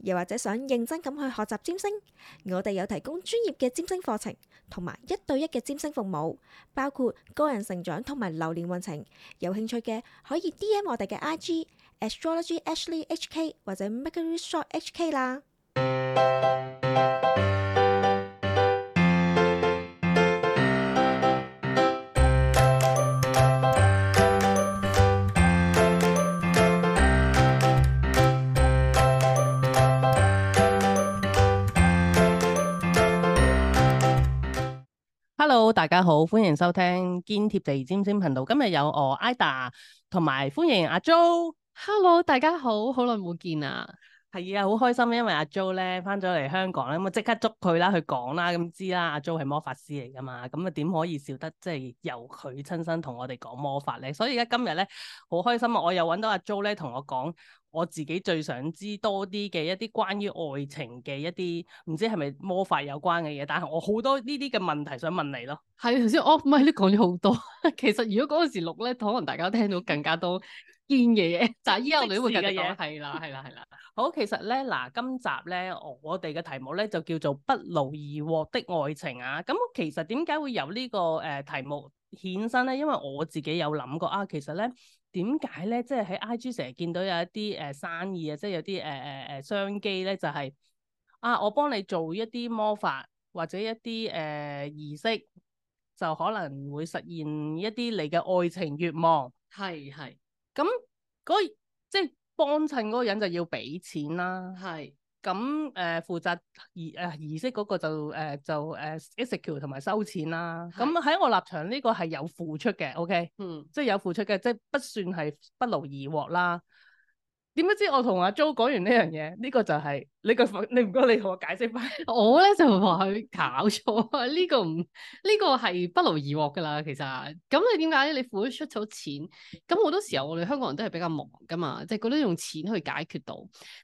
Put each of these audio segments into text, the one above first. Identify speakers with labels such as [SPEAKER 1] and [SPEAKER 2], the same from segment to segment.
[SPEAKER 1] 又或者想認真咁去學習占星，我哋有提供專業嘅占星課程，同埋一對一嘅占星服務，包括個人成長同埋流年運程。有興趣嘅可以 DM 我哋嘅 IG Astrology Ashley HK 或者 Mercury
[SPEAKER 2] Shop HK 啦。
[SPEAKER 1] 大家好，歡迎收聽堅貼地占星頻道。今日有我 Ida 同埋，da，歡迎阿、啊、Jo。Hello，大家好，好耐冇見啦。係啊，好開心，因為阿 Jo 咧翻咗嚟香港咧，咁啊即刻捉佢啦，去講啦，咁知啦。阿 Jo 係魔法師嚟噶嘛，咁啊點可以笑得即係、就是、由佢親身同我哋講魔法咧？所以而家今日咧好開心啊！我又搵到阿 Jo 咧同我講我自己最想知多啲嘅一啲關於愛情嘅一啲唔知係咪魔法有關嘅嘢，但係我好多呢啲嘅問題想問你咯。
[SPEAKER 2] 係頭先 off mic 都講咗好多。其實如果嗰陣時錄咧，可能大家聽到更加多堅嘅嘢，但係依家我哋都會繼續講。係啦，係啦，係啦。好，
[SPEAKER 1] 其實咧，嗱，今集咧，我哋嘅題目咧就叫做不勞而獲的愛情啊。咁、嗯、其實點解會由呢個誒題目衍生咧？因為我自己有諗過啊。其實咧，點解咧，即係喺 IG 成日見到有一啲誒、呃、生意啊，即係有啲誒誒誒商機咧、就是，就係啊，我幫你做一啲魔法或者一啲誒、呃、儀式，就可能會實現一啲你嘅愛情願望。係係。咁嗰即係。幫襯嗰個人就要俾錢啦，係咁誒負責儀誒、呃、儀式嗰個就誒、呃、就誒、呃、execute 同埋收錢啦。咁喺是我立場，呢個係有付出嘅，OK，嗯，即係有付出嘅，即係不算係不勞而獲啦。點解知我同阿 Jo 講完呢樣
[SPEAKER 2] 嘢？呢、這個就係、是、你個，你唔該你同我解釋翻。我咧就話佢搞錯啊！呢、這個唔呢、這個係不勞而獲噶啦，其實咁你點解你付出咗錢，咁好多時候我哋香港人都係比較忙噶嘛，即、就、係、是、覺得用錢去解決到。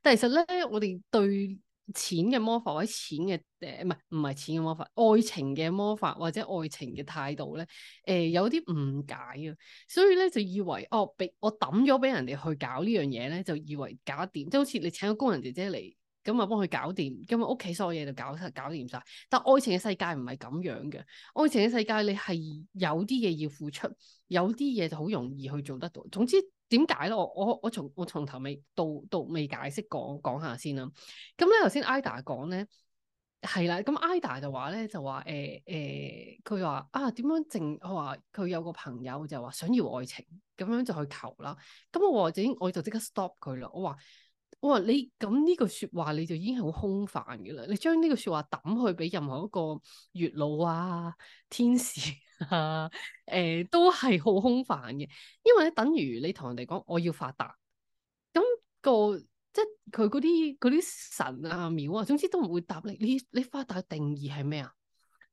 [SPEAKER 2] 但係其實咧，我哋對。錢嘅魔法或者錢嘅誒，唔係唔係錢嘅魔法，愛情嘅魔法或者愛情嘅態度咧，誒、呃、有啲誤解啊，所以咧就以為哦俾我抌咗俾人哋去搞呢樣嘢咧，就以為搞得掂，即係好似你請個工人姐姐嚟咁啊，幫佢搞掂，咁啊屋企所有嘢就搞晒搞掂晒。但愛情嘅世界唔係咁樣嘅，愛情嘅世界你係有啲嘢要付出，有啲嘢就好容易去做得到，總之。點解咧？我我從我從我從頭未到到尾解釋講講下先啦。咁咧頭先 ida 講咧係啦。咁 ida 就話咧就話誒誒，佢、欸、話、欸、啊點樣淨？我話佢有個朋友就話想要愛情，咁樣就去求啦。咁我或者我就即刻 stop 佢啦。我話我話你咁呢句說話，你就已經係好空泛嘅啦。你將呢句說話抌去俾任何一個月老啊、天使。吓，誒、啊欸，都係好空泛嘅，因為咧，等於你同人哋講我要發達，咁、那個即係佢嗰啲啲神啊廟啊，總之都唔會答你。你你發達嘅定義係咩啊？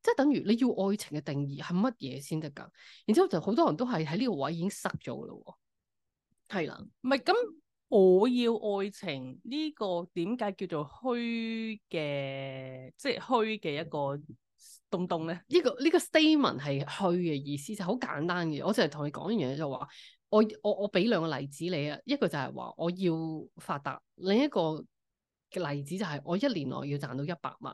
[SPEAKER 2] 即係等於你要愛情嘅定義係乜嘢先得噶？然之後就好多人都係喺呢個位已經塞咗噶咯，係啦，
[SPEAKER 1] 唔係咁我要愛情呢、這個
[SPEAKER 2] 點解叫做虛嘅？即係虛嘅一個。咚咚咧，冷冷呢個呢個 statement 係虛嘅意思，就好簡單嘅。我就係同你講一樣嘢就話，我我我俾兩個例子你啊，一個就係話我要發達，另一個嘅例子就係我一年內要賺到一百萬。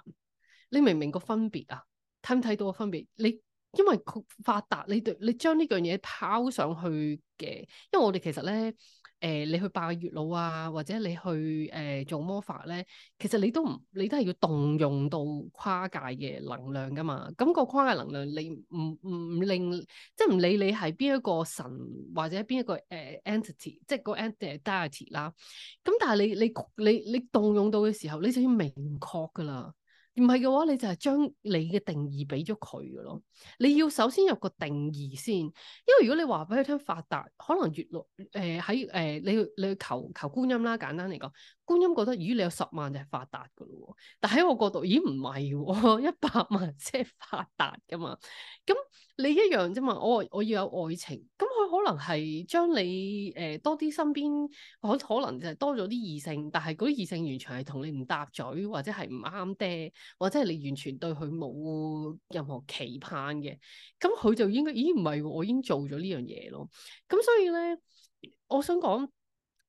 [SPEAKER 2] 你明唔明個分別啊？睇唔睇到個分別？你因為佢發達，你對你將呢樣嘢拋上去嘅，因為我哋其實咧。誒、呃，你去拜月老啊，或者你去誒、呃、做魔法咧，其實你都唔，你都係要動用到跨界嘅能量㗎嘛。咁個跨界能量你，你唔唔唔令，即係唔理你係邊一個神或者邊一個誒、呃、entity，即係個 entity 啦、啊。咁但係你你你你動用到嘅時候，你就要明確㗎喇。唔係嘅話，你就係將你嘅定義俾咗佢嘅咯。你要首先有個定義先，因為如果你話俾佢聽發達，可能越落喺誒，你要你去求求觀音啦，簡單嚟講。觀音覺得，咦？你有十萬就係發達噶咯喎！但喺我角度，咦？唔係、啊，一百萬即係發達噶嘛？咁你一樣啫嘛？我我要有愛情，咁佢可能係將你誒、呃、多啲身邊可可能就係多咗啲異性，但係嗰啲異性完全係同你唔搭嘴，或者係唔啱爹，或者係你完全對佢冇任何期盼嘅，咁佢就應該咦？唔係、啊，我已經做咗呢樣嘢咯。咁所以咧，我想講。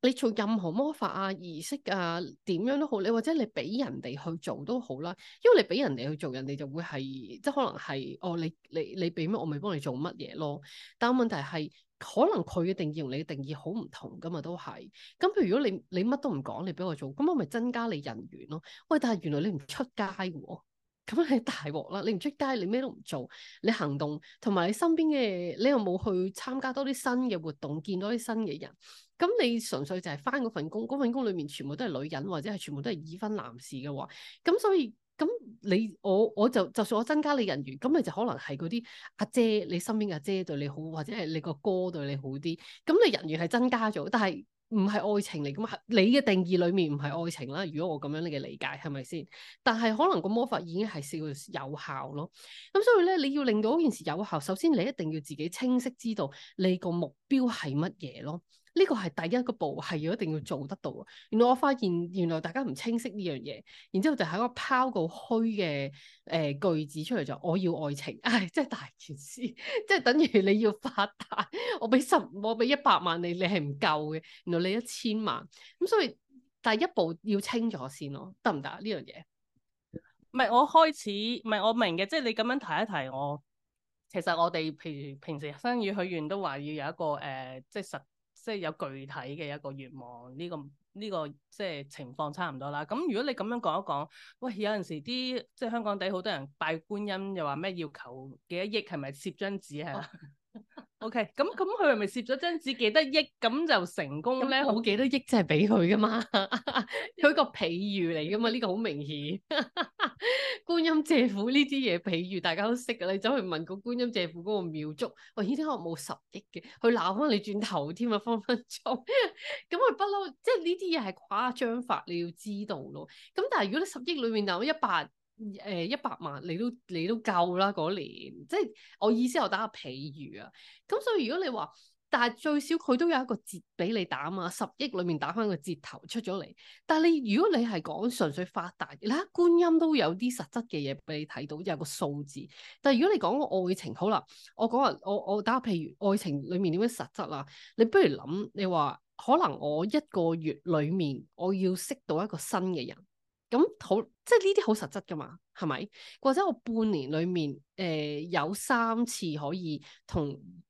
[SPEAKER 2] 你做任何魔法啊、儀式啊、點樣都好，你或者你俾人哋去做都好啦。因為你俾人哋去做，人哋就會係即係可能係哦，你你你俾乜，我咪幫你做乜嘢咯。但問題係，可能佢嘅定義同你嘅定義好唔同㗎嘛，都係。咁譬如如果你你乜都唔講，你俾我做，咁我咪增加你人緣咯。喂，但係原來你唔出街喎，哦。咁你大鑊啦！你唔出街，你咩都唔做，你行動同埋你身邊嘅，你又冇去參加多啲新嘅活動，見到啲新嘅人。咁你純粹就係返嗰份工，嗰份工裏面全部都係女人，或者係全部都係已婚男士㗎喎。咁所以咁你我我就就算我增加你人緣，咁你就可能係嗰啲阿姐，你身邊嘅阿姐對你好，或者係你個哥對你好啲。咁你人緣係增加咗，但係。唔係愛情嚟噶嘛？你嘅定義裏面唔係愛情啦。如果我咁樣你嘅理解係咪先？但係可能個魔法已經係試過有效咯。咁所以咧，你要令到件事有效，首先你一定要自己清晰知道你個目標係乜嘢咯。呢個係第一個步，係要一定要做得到。原來我發現原來大家唔清晰呢樣嘢，然之後就喺個拋個虛嘅誒句子出嚟就我要愛情，唉、哎，真係大件事，即係等於你要發達，我俾十，我俾一百萬你，你係唔夠嘅。原來你一千萬。咁，所以第一步要清咗先咯，得唔得呢樣嘢？
[SPEAKER 1] 唔係我開始，唔係我明嘅，即係你咁樣提一提，我其實我哋譬如平時生意許願都話要有一個誒、呃，即係實。即係有具體嘅一個願望，呢、這個呢、這個、這個、即係情況差唔多啦。咁如果你咁樣講一講，喂，有陣時啲即係香港地好多人拜觀音，又話咩要求幾多億，係咪攝張紙係 O.K. 咁咁佢係咪攝咗張
[SPEAKER 2] 紙，幾多億咁就成功咧？好幾多億真係俾佢噶嘛？佢個譬喻嚟噶嘛？呢、嗯、個好明顯，哈哈，觀音借庫呢啲嘢譬喻大家都識噶。你走去問個觀音借庫嗰個廟祝，喂，呢啲家我冇十億嘅，佢鬧翻你轉頭添啊，分分鐘。咁佢不嬲，即係呢啲嘢係誇張法，你要知道咯。咁但係如果你十億裏面有一百。誒，一百萬你都你都夠啦嗰年，即係我意思，我打個譬如啊，咁所以如果你話，但係最少佢都有一個折俾你打啊嘛，十億裏面打翻個折頭出咗嚟。但係你如果你係講純粹發達，嗱，觀音都有啲實質嘅嘢俾你睇到有個數字。但係如果你講個愛情，好啦，我講話我我打個譬如，愛情裏面點樣實質啊？你不如諗，你話可能我一個月裏面我要識到一個新嘅人。咁好，即係呢啲好實質㗎嘛，係咪？或者我半年裡面，誒、呃、有三次可以同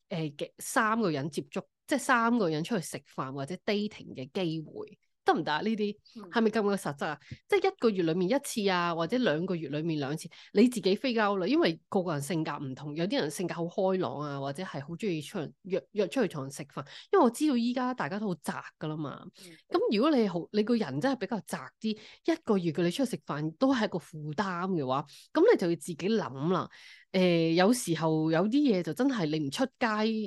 [SPEAKER 2] 誒嘅三個人接觸，即係三個人出去食飯或者 dating 嘅機會。得唔得啊？呢啲係咪咁嘅實質啊？即係一個月裡面一次啊，或者兩個月裡面兩次，你自己飛鳩啦。因為個個人性格唔同，有啲人性格好開朗啊，或者係好中意出去約約出去同人食飯。因為我知道依家大家都好宅噶啦嘛。咁、嗯、如果你好你個人真係比較宅啲，一個月叫你出去食飯都係一個負擔嘅話，咁你就要自己諗啦。誒、呃，有時候有啲嘢，就真係你唔出街，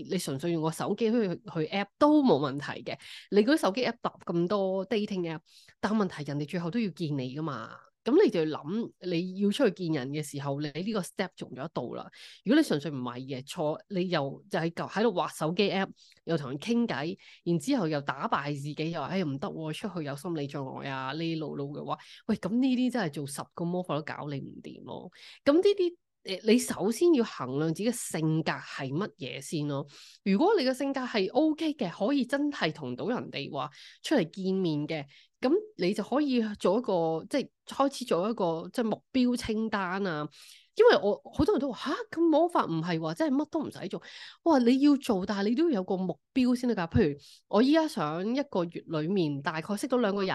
[SPEAKER 2] 你純粹用個手機去去 app 都冇問題嘅。你嗰啲手機 app 搭咁多 dating app，但問題人哋最後都要見你噶嘛？咁你就要諗你要出去見人嘅時候，你呢個 step 錯咗一道啦。如果你純粹唔係嘅錯，你又就喺喺度滑手機 app，又同人傾偈，然之後又打敗自己，又話哎唔得、哦，出去有心理障礙啊呢路路嘅話，喂咁呢啲真係做十個魔法都搞你唔掂咯。咁呢啲。誒，你首先要衡量自己嘅性格係乜嘢先咯。如果你嘅性格係 OK 嘅，可以真係同到人哋話出嚟見面嘅，咁你就可以做一個即係開始做一個即係目標清單啊。因為我好多人都話吓，咁魔法唔係話，即係乜都唔使做。哇！你要做，但係你都要有個目標先得㗎。譬如我依家想一個月裡面大概識到兩個人，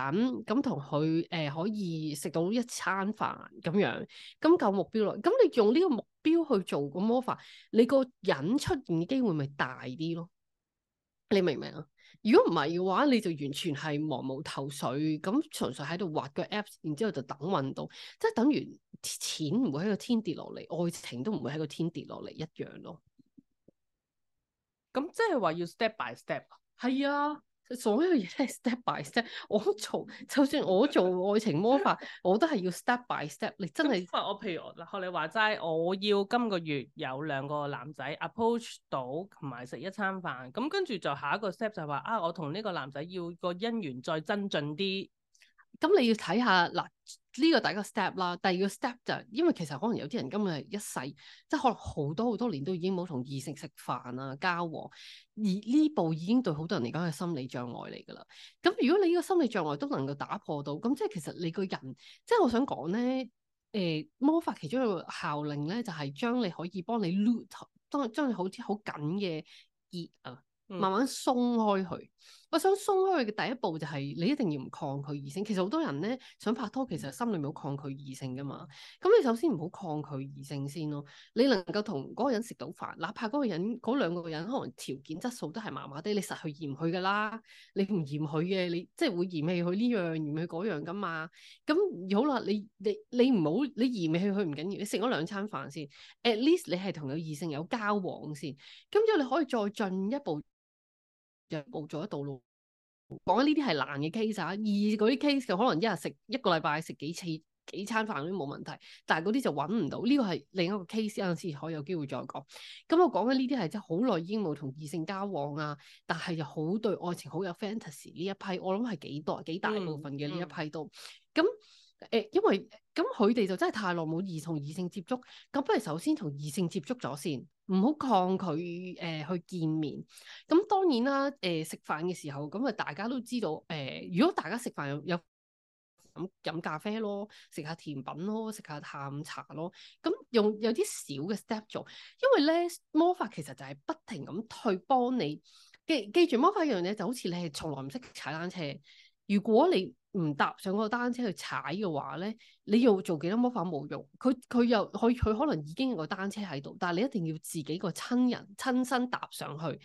[SPEAKER 2] 咁同佢誒可以食到一餐飯咁樣，咁夠目標啦。咁你用呢個目標去做個魔法，你個人出現嘅機會咪大啲咯，你明唔明啊？如果唔係嘅話，你就完全係茫無頭緒，咁純粹喺度畫個 app，然之後就等運動，即係等於錢唔會喺個天跌落嚟，愛情都唔會喺個天跌落嚟一樣咯。咁、嗯、即係話要 step by step。係啊。所有嘢都係 step by step。我做，就算我做愛情魔法， 我都係要 step by step。你真係，
[SPEAKER 1] 我譬如學你話齋，我要今個月有兩個男仔 approach 到，同埋食一餐飯。咁跟住就下一個 step 就話啊，我同呢個男仔要個姻緣再增進啲。
[SPEAKER 2] 咁你要睇下嗱，呢、這個第一個 step 啦，第二個 step 就是、因為其實可能有啲人今日一世，即係可能好多好多年都已經冇同異性食飯啊、交往，而呢步已經對好多人嚟講係心理障礙嚟㗎啦。咁如果你呢個心理障礙都能夠打破到，咁即係其實你個人，即係我想講咧，誒、呃、魔法其中一個效應咧，就係、是、將你可以幫你 loot 當將你好啲好緊嘅意啊。慢慢鬆開佢，我想鬆開佢嘅第一步就係你一定要唔抗拒異性。其實好多人咧，想拍拖，其實心裡面好抗拒異性噶嘛。咁你首先唔好抗拒異性先咯。你能夠同嗰個人食到飯，哪怕嗰個人嗰兩個人可能條件質素都係麻麻哋，你實去嫌佢噶啦，你唔嫌佢嘅，你即係會嫌棄佢呢樣嫌棄佢嗰樣噶嘛。咁好啦，你你你唔好你嫌棄佢唔緊要，你食咗兩餐飯先，at least 你係同有異性有交往先，咁之後你可以再進一步。就冇做得到咯。講緊呢啲係難嘅 case 啊，而嗰啲 case 就可能一日食一個禮拜食幾次幾餐飯都冇問題，但係嗰啲就揾唔到。呢個係另一個 case，啱先可以有機會再講。咁我講緊呢啲係即係好耐已經冇同異性交往啊，但係又好對愛情好有 fantasy 呢一批，我諗係幾多幾大部分嘅呢一批都咁。Mm hmm. 誒、欸，因為咁佢哋就真係太耐冇同異性接觸，咁不如首先同異性接觸咗先，唔好抗拒誒、呃、去見面。咁當然啦，誒食飯嘅時候，咁啊大家都知道，誒、呃、如果大家食飯有飲飲咖啡咯，食下甜品咯，食下下午茶咯，咁用有啲少嘅 step 做，因為咧魔法其實就係不停咁去幫你記記住魔法一樣嘢，就好似你係從來唔識踩單車，如果你。唔搭上個單車去踩嘅話咧，你要做幾多魔法冇用？佢佢又可佢可能已經有個單車喺度，但係你一定要自己個親人親身搭上去。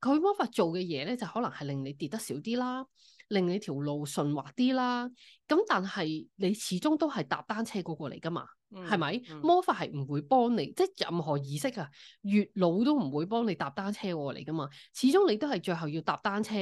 [SPEAKER 2] 佢魔法做嘅嘢咧，就可能係令你跌得少啲啦，令你條路順滑啲啦。咁但係你始終都係搭單車過嚟㗎嘛，係咪？魔法係唔會幫你，即係任何儀式啊，月老都唔會幫你搭單車過嚟㗎嘛。始終你都係最後要搭單車。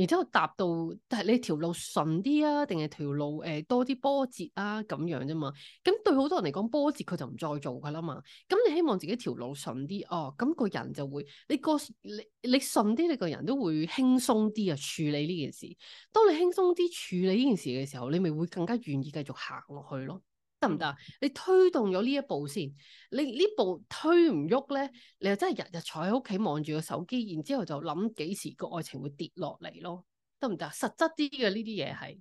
[SPEAKER 2] 然之後達到係你條路順啲啊，定係條路誒、呃、多啲波折啊咁樣啫嘛。咁對好多人嚟講，波折佢就唔再做噶啦嘛。咁你希望自己條路順啲哦，咁、那個人就會你個你你順啲，你個人都會輕鬆啲啊處理呢件事。當你輕鬆啲處理呢件事嘅時候，你咪會更加願意繼續行落去咯。得唔得？你推動咗呢一步先，你呢步推唔喐咧，你又真係日日坐喺屋企望住個手機，然之後就諗幾時個愛情會跌落嚟咯？得唔得？實質啲嘅呢啲嘢係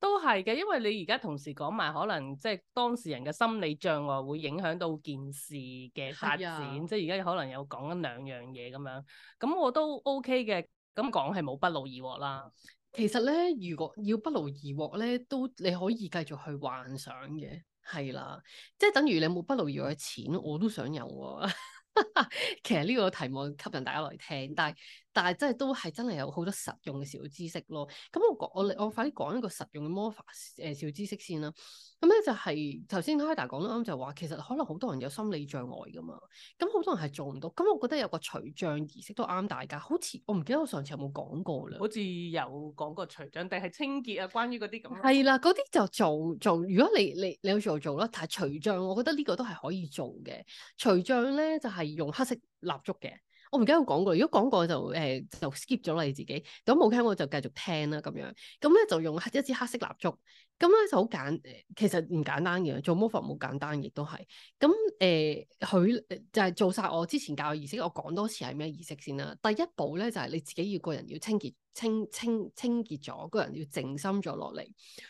[SPEAKER 2] 都係
[SPEAKER 1] 嘅，因為你而家同時講埋可能即係當事人嘅心理障礙會影響到件事嘅發展，的即係而家可能有講緊兩樣嘢咁樣，咁我都 OK
[SPEAKER 2] 嘅，咁講係冇不勞而獲啦。其實咧，如果要不勞而獲咧，都你可以繼續去幻想嘅，係啦，即係等於你冇不勞而獲嘅錢，我都想有。 其實呢個題目吸引大家嚟聽，但係。但係真係都係真係有好多實用嘅小知識咯。咁我講我我快啲講一個實用嘅魔法誒、呃、小知識先啦。咁咧就係頭先 Kida 講得啱，就話、是、其實可能好多人有心理障礙噶嘛。咁好多人係做唔到。咁我覺得有個除障儀式都啱大家。好似我唔記得我上次有冇講過啦。
[SPEAKER 1] 好似有講過除障定係清潔啊，關於嗰啲咁。係啦，
[SPEAKER 2] 嗰啲就做做。如果你你你，你要做就做啦。但係除障，我覺得呢個都係可以做嘅。除障咧就係、是、用黑色蠟燭嘅。我唔記得有講過，如果講過就誒、呃、就 skip 咗啦，你自己。咁冇聽我就繼續聽啦，咁樣。咁咧就用一支黑色蠟燭，咁咧就好簡，其實唔簡單嘅，做魔法冇簡單，亦都係。咁誒，佢、呃、就係、是、做晒我之前教嘅儀式，我講多次係咩儀式先啦。第一步咧就係、是、你自己要個人要清潔清清清潔咗，個人要靜心咗落嚟。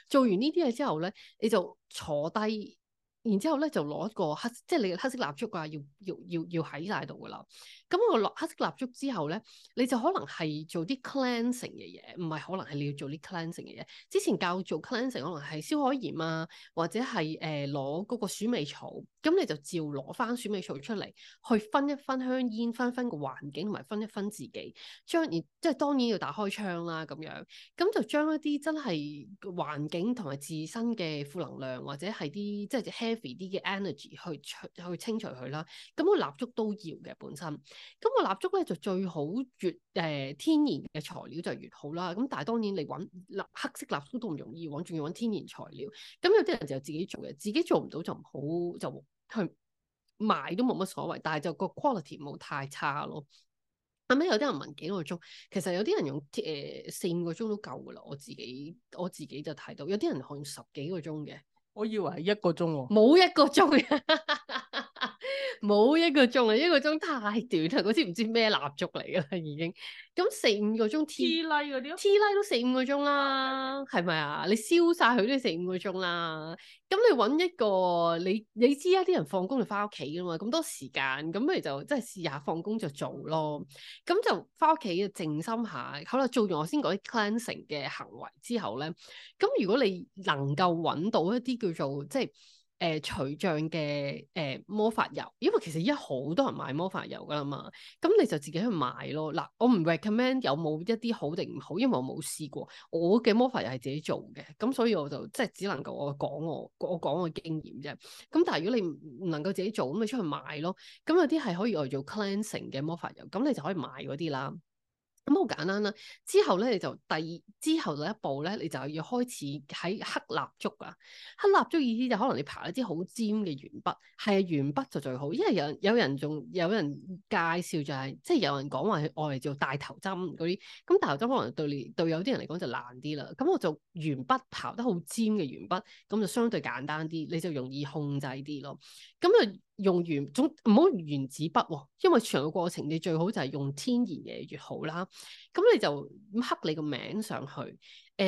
[SPEAKER 2] 做完呢啲嘢之後咧，你就坐低。然之後咧，就攞一個黑，即係你黑色蠟燭啊，要要要要喺晒度㗎啦。咁我落黑色蠟燭之後咧，你就可能係做啲 cleansing 嘅嘢，唔係可能係你要做啲 cleansing 嘅嘢。之前教做 cleansing 可能係燒海鹽啊，或者係誒攞嗰個鼠尾草。咁你就照攞翻鼠尾草出嚟，去分一分香煙，分分個環境同埋分一分自己。將然即係當然要打開窗啦，咁樣咁就將一啲真係環境同埋自身嘅負能量，或者係啲即係 heavy 啲嘅 energy 去去清除佢啦，咁、個蠟燭都要嘅本身，咁、個蠟燭咧就最好越誒、呃、天然嘅材料就越好啦。咁但係當然你搵蠟黑色蠟燭都唔容易搵，仲要搵天然材料。咁有啲人就自己做嘅，自己做唔到就唔好就去買都冇乜所謂。但係就個 quality 冇太差咯。後尾有啲人問幾個鐘，其實有啲人用誒四五個鐘都夠噶啦。我自己我自己就睇到有啲人可用十幾個鐘嘅。我以為係一個鐘喎，冇一個鐘。 冇一個鐘啊，一個鐘太短啦，好似唔知咩蠟燭嚟㗎啦已經。咁四五個鐘，T 拉嗰啲，T 拉都四五個鐘啦，係咪 啊？你燒晒佢都四五個鐘啦。咁你揾一個，你你知啊，啲人放工就翻屋企噶嘛，咁多時間，咁咪就即係試下放工就做咯。咁就翻屋企靜心下，好啦做完我先講啲 cleaning 嘅行為之後咧，咁如果你能夠揾到一啲叫做即係。誒除障嘅誒魔法油，因為其實依家好多人買魔法油噶啦嘛，咁你就自己去買咯。嗱，我唔 recommend 有冇一啲好定唔好，因為我冇試過。我嘅魔法油係自己做嘅，咁所以我就即係只能夠我講我我講我經驗啫。咁但係如果你唔能夠自己做，咁你出去買咯。咁有啲係可以嚟做 cleansing 嘅魔法油，咁你就可以買嗰啲啦。咁好簡單啦！之後咧，你就第二，之後嘅一步咧，你就要開始喺黑蠟燭啊。黑蠟燭意思就可能你刨一支好尖嘅鉛筆，係、啊、鉛筆就最好，因為有人有人仲有人介紹就係、是，即係有人講話係愛嚟做大頭針嗰啲。咁大頭針可能對你對有啲人嚟講就難啲啦。咁我就鉛筆刨得好尖嘅鉛筆，咁就相對簡單啲，你就容易控制啲咯。咁就用鉛，唔好用原子筆喎、啊，因為全個過程你最好就係用天然嘢越好啦。咁你就刻你個名上去，誒、呃，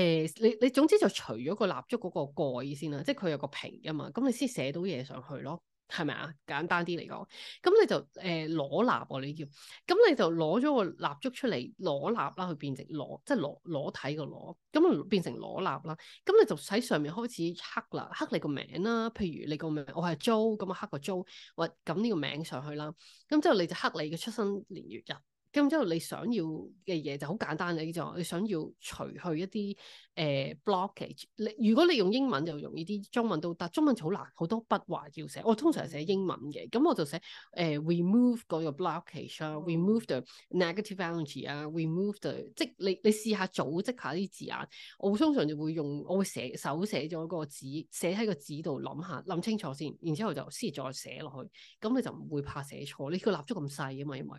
[SPEAKER 2] 你你總之就除咗個蠟燭嗰個蓋先啦，即係佢有個瓶噶嘛，咁你先寫到嘢上去咯，係咪啊？簡單啲嚟講，咁你就誒、呃、裸蠟、啊，你要，咁、啊、你就攞咗個蠟燭出嚟，裸蠟啦，去變成裸，即係裸裸，裸體個裸，咁變成裸蠟啦，咁你就喺上面開始刻啦，刻你個名啦，譬如你個名 Joe, Joe, 個名，我係 Joe，咁啊刻個 Joe 或咁呢個名上去啦，咁之後你就刻你嘅出生年月日。咁之後你想要嘅嘢就好簡單啦，呢種你想要除去一啲誒 blockage。你、呃、如果你用英文就容易啲，中文都得，中文就好難，好多筆畫要寫。我通常寫英文嘅，咁我就寫誒、呃、remove 嗰個 blockage 啊，remove the negative energy 啊，remove the 即，你你試下組織下啲字眼。我通常就會用，我會寫手寫咗個紙，寫喺個紙度諗下諗清楚先，然之後就先再寫落去。咁你就唔會怕寫錯，你個立咗咁細啊嘛，因為。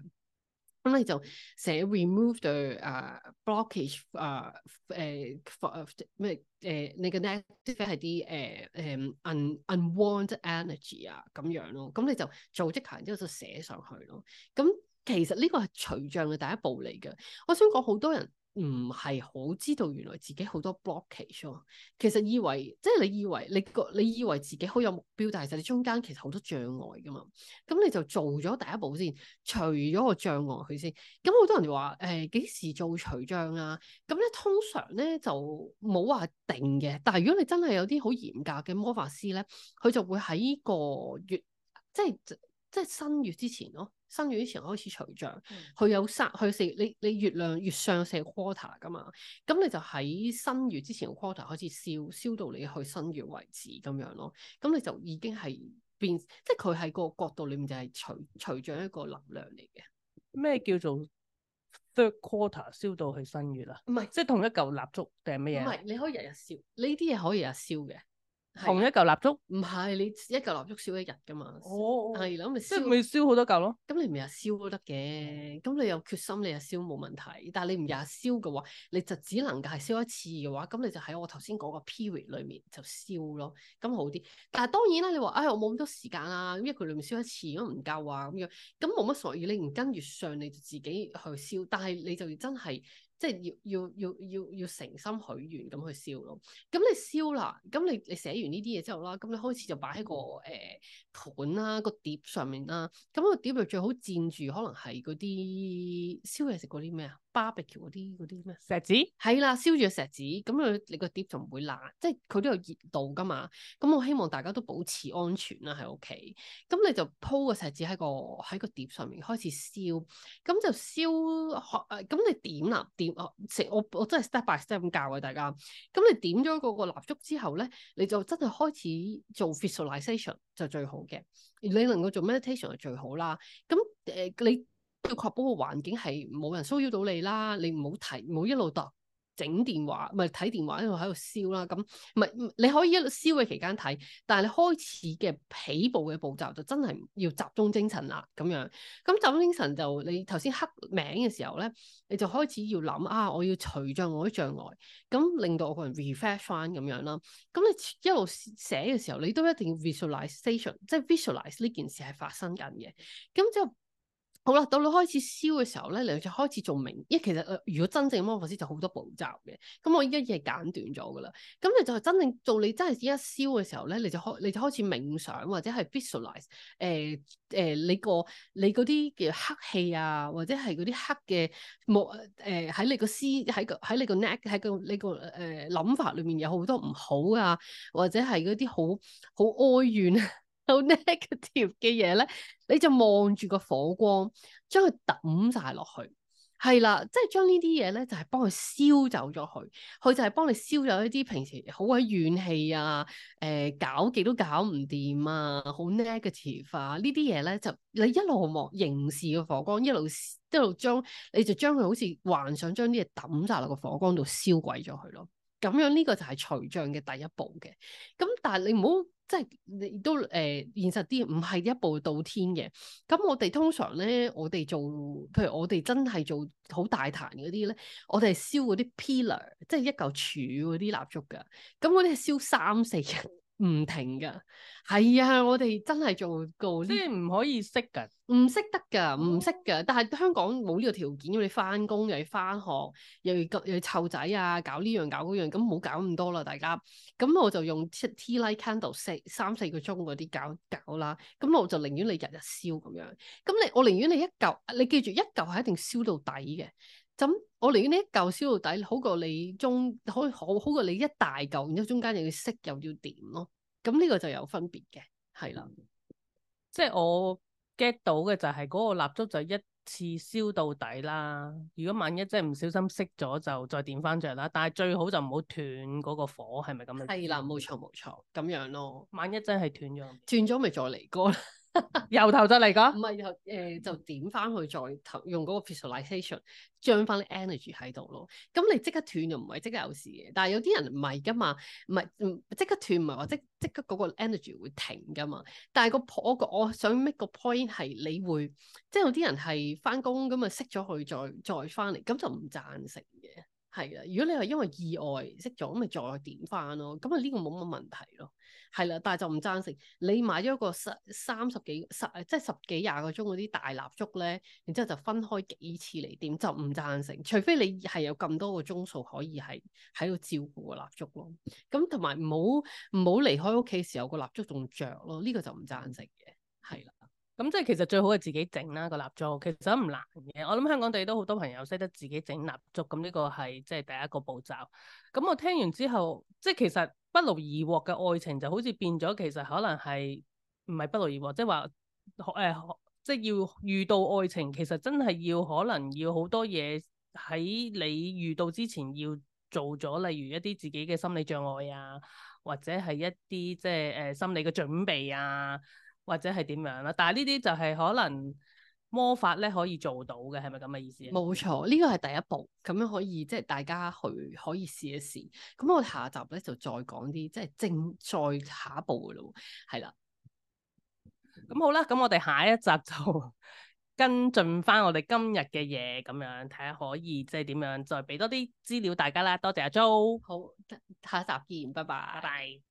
[SPEAKER 2] 咁你就寫 remove the、uh, blockage 啊、uh, 誒、uh, uh, uh, uh,，咩誒？你個 negative 係啲誒誒 un unwanted energy 啊咁樣咯。咁你就組織行之後就寫上去咯。咁其實呢個係除障嘅第一步嚟嘅。我想講好多人。唔係好知道原來自己好多 blockage 喎，其實以為即係你以為你覺你以為自己好有目標，但係其實你中間其實好多障礙㗎嘛，咁你就做咗第一步先，除咗個障礙佢先，咁好多人話誒，幾時做除障啊？咁咧通常咧就冇話定嘅，但係如果你真係有啲好嚴格嘅魔法師咧，佢就會喺呢個月即係即係新月之前咯。新月之前開始除障，佢有三，佢四，你你月亮月上有四個 quarter 噶嘛？咁你就喺新月之前 quarter 開始燒，燒到你去新月為止咁樣咯。咁你就已經係變，即係佢喺個角度裏面就係除除障一個能量嚟嘅。咩叫做 third quarter 燒到去新月啊？唔係是，即係同一嚿蠟燭定係乜嘢？唔係，你可以日日燒呢啲嘢可以日日燒嘅。同、啊、一嚿蠟燭？唔係，你一嚿蠟燭燒一日㗎嘛。哦。係啦、啊，咁咪、嗯、燒，即係咪燒好多嚿咯？咁你每日燒都得嘅，咁你有決心，你日燒冇問題。但係你唔日燒嘅話，你就只能夠係燒一次嘅話，咁你就喺我頭先講個 period 裡面就燒咯，咁好啲。但係當然啦，你話唉、哎、我冇咁多時間啦、啊，咁一個裡面燒一次都唔夠啊咁樣，咁冇乜所謂。你唔跟住上，你就自己去燒，但係你就真係。即係要要要要要誠心許願咁去燒咯，咁你燒啦，咁你你寫完呢啲嘢之後啦，咁你開始就擺喺個誒、欸、盤啦、個碟上面啦，咁個碟就最好墊住，可能係嗰啲燒嘢食嗰啲咩啊？barbecue 嗰啲啲咩石子，係啦，燒住個石子，咁佢你個碟就唔會爛，即係佢都有熱度噶嘛。咁我希望大家都保持安全啦喺屋企。咁你就鋪個石子喺個喺個碟上面開始燒，咁就燒。咁你點啦？點食？我我真係 step by step 咁教嘅大家。咁你點咗嗰個蠟燭之後咧，你就真係開始做 visualisation 就最好嘅。你能夠做 meditation 係最好啦。咁誒、呃、你。要確保個環境係冇人騷擾到你啦，你唔好提，唔好一路度整電話，唔係睇電話一路喺度燒啦。咁唔係你可以一路燒嘅期間睇，但係你開始嘅起步嘅步驟就真係要集中精神啦。咁樣咁集中精神就你頭先刻名嘅時候咧，你就開始要諗啊，我要除著我啲障礙，咁令到我個人 refresh 翻咁樣啦。咁你一路寫嘅時候，你都一定要 visualization，即係 visualize 呢件事係發生緊嘅。咁之後。好啦，到你開始燒嘅時候咧，你就開始做明。因為其實誒，如果真正魔法師就好多步驟嘅。咁我依家亦係簡短咗噶啦。咁你就真正做你真係一燒嘅時候咧，你就開你就開始冥想或者係 visualize 誒、呃、誒、呃、你個你嗰啲嘅黑氣啊，或者係嗰啲黑嘅木誒喺你個思喺個喺你個 neck 喺個呢個誒諗法裡面有好多唔好啊，或者係嗰啲好好哀怨、啊。好 negative 嘅嘢咧，你就望住個火光，將佢抌晒落去，係啦，即係將呢啲嘢咧，就係幫佢燒走咗佢，佢就係幫你燒咗一啲平時好鬼怨氣啊，誒、呃，搞極都搞唔掂啊，好 negative 化、啊、呢啲嘢咧，就你一路望凝視個火光，一路一路將，你就將佢好似幻想將啲嘢抌晒落個火光度燒鬼咗佢咯，咁樣呢個就係除障嘅第一步嘅，咁但係你唔好。即係你都誒、呃、現實啲，唔係一步到天嘅。咁我哋通常咧，我哋做，譬如我哋真係做好大壇嗰啲咧，我哋係燒嗰啲 pillar，即係一嚿柱嗰啲蠟燭㗎。咁嗰啲係燒三四日。唔停噶，係啊，我哋真係做過、這個，即係唔可以識噶，唔識得噶，唔識噶。哦、但係香港冇呢個條件，要你翻工又要翻學，又要咁又要湊仔啊，搞呢樣搞嗰樣，咁冇搞咁多啦，大家。咁我就用 Tea Light Candle 四三四個鐘嗰啲搞搞啦。咁我就寧願你日日燒咁樣。咁你我寧願你一嚿，你記住一嚿係一定燒到底嘅。咁我寧願呢一嚿燒到底，好過你中，好好好過你一大嚿，然之後中間又要熄又要點咯。咁呢個就有分別嘅，係啦。即係我
[SPEAKER 1] get 到嘅就係嗰個蠟燭就一次燒到底啦。如果萬一真係唔小心熄咗，就再點翻着啦。但係最好就唔好斷嗰個火，係咪咁樣？係啦，冇
[SPEAKER 2] 錯冇錯，咁樣咯。萬一真係斷咗，斷咗咪再嚟過。 由頭就嚟噶，唔係， 誒、呃，就點翻去再投用嗰個 visualization 將翻啲 energy 喺度咯。咁你即刻斷就唔係即刻有事嘅，但係有啲人唔係噶嘛，唔係唔即刻斷唔係話即即刻嗰個 energy 會停噶嘛。但係個破，我我想 make 個 point 係，你會即係、就是、有啲人係翻工咁啊，熄咗去再再翻嚟，咁就唔贊成嘅。係啊，如果你係因為意外熄咗，咁咪再點翻咯。咁啊呢個冇乜問題咯，係啦。但係就唔贊成你買咗個十三十幾十，即係十幾廿個鐘嗰啲大蠟燭咧，然之後就分開幾次嚟點，就唔贊成。除非你係有咁多個鐘數可以係喺度照顧個蠟燭咯。咁同埋唔好唔好離開屋企時候個蠟燭仲着咯，呢、這個就唔贊成嘅，係啦。咁
[SPEAKER 1] 即係其實最好係自己整啦個蠟燭，其實唔難嘅。我諗香港地都好多朋友識得自己整蠟燭，咁、嗯、呢個係即係第一個步驟。咁、嗯、我聽完之後，即係其實不勞而獲嘅愛情就好似變咗，其實可能係唔係不勞而獲，即係話誒即係要遇到愛情，其實真係要可能要好多嘢喺你遇到之前要做咗，例如一啲自己嘅心理障礙啊，或者係一啲即係誒、呃、心理嘅準備啊。或者係點樣啦，但係呢啲就
[SPEAKER 2] 係可能魔法咧，可以做到嘅，係咪咁嘅意思？冇錯，呢個係第一步，咁樣可以即係大家去可以試一試。咁我哋下集咧就再講啲，即係正再下一步噶咯，係啦。咁、嗯、好啦，咁我哋下一
[SPEAKER 1] 集就跟進翻我哋今日嘅嘢，咁樣睇下可以即係點樣再俾多啲資料大家啦。多謝阿 Jo，好，下一集見，拜拜，拜，拜。